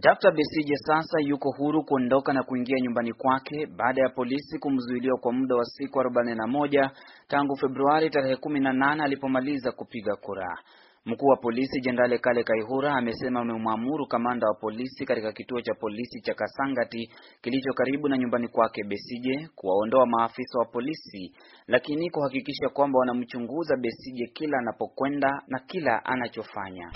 Dr. Besije sasa yuko huru kuondoka na kuingia nyumbani kwake baada ya polisi kumzuiliwa kwa muda wa siku 41 tangu Februari tarehe 18 alipomaliza kupiga kura. Mkuu wa polisi Jenerali Kale Kaihura amesema amemwamuru kamanda wa polisi katika kituo cha polisi cha Kasangati kilicho karibu na nyumbani kwake Besije kuwaondoa maafisa wa polisi, lakini kuhakikisha kwamba wanamchunguza Besije kila anapokwenda na kila anachofanya.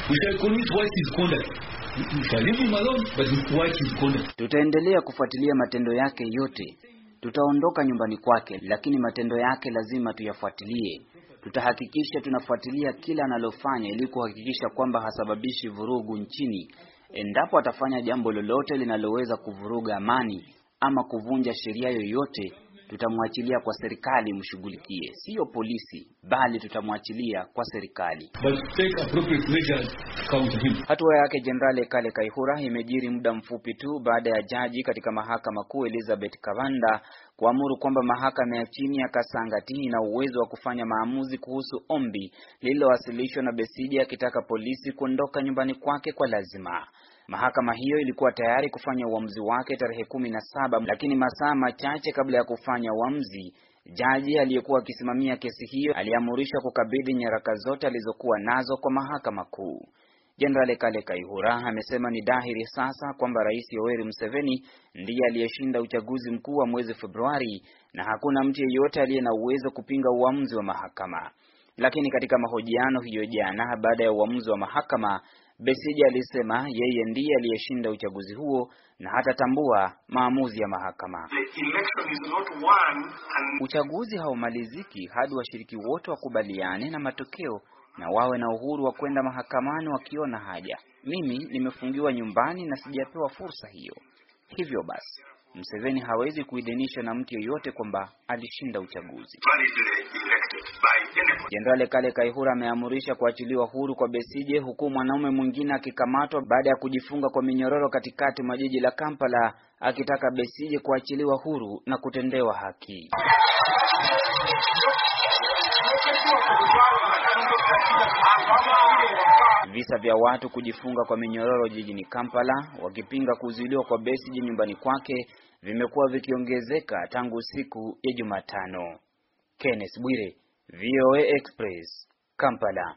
Tutaendelea kufuatilia matendo yake yote. Tutaondoka nyumbani kwake, lakini matendo yake lazima tuyafuatilie tutahakikisha tunafuatilia kila analofanya ili kuhakikisha kwamba hasababishi vurugu nchini. Endapo atafanya jambo lolote linaloweza kuvuruga amani ama kuvunja sheria yoyote tutamwachilia kwa serikali mshughulikie, siyo polisi, bali tutamwachilia kwa serikali. Hatua yake Jenerali Kale Kaihura imejiri muda mfupi tu baada ya jaji katika mahakama kuu Elizabeth Kavanda kuamuru kwamba mahakama ya chini ya Kasangati ina uwezo wa kufanya maamuzi kuhusu ombi lililowasilishwa na Besigye akitaka polisi kuondoka nyumbani kwake kwa lazima. Mahakama hiyo ilikuwa tayari kufanya uamuzi wake tarehe kumi na saba, lakini masaa machache kabla ya kufanya uamuzi, jaji aliyekuwa akisimamia kesi hiyo aliamurishwa kukabidhi nyaraka zote alizokuwa nazo kwa mahakama kuu. Jenerali Kale Kaihura amesema ni dhahiri sasa kwamba Rais Yoweri Museveni ndiye aliyeshinda uchaguzi mkuu wa mwezi Februari na hakuna mtu yeyote aliye na uwezo kupinga uamuzi wa mahakama. Lakini katika mahojiano hiyo jana baada ya uamuzi wa mahakama, Besigye alisema yeye ndiye aliyeshinda uchaguzi huo na hatatambua maamuzi ya mahakama. Uchaguzi haumaliziki hadi washiriki wote wakubaliane na matokeo na wawe na uhuru wa kwenda mahakamani wakiona haja. Mimi nimefungiwa nyumbani na sijapewa fursa hiyo. Hivyo basi Mseveni hawezi kuidhinishwa na mtu yeyote kwamba alishinda uchaguzi. Jenerali Kale Kaihura ameamurisha kuachiliwa huru kwa Besije, huku mwanaume mwingine akikamatwa baada ya kujifunga kwa minyororo katikati mwa jiji la Kampala, akitaka Besije kuachiliwa huru na kutendewa haki. Visa vya watu kujifunga kwa minyororo jijini Kampala wakipinga kuzuiliwa kwa Besigye nyumbani kwake vimekuwa vikiongezeka tangu siku ya Jumatano. Kenneth Bwire, VOA Express, Kampala.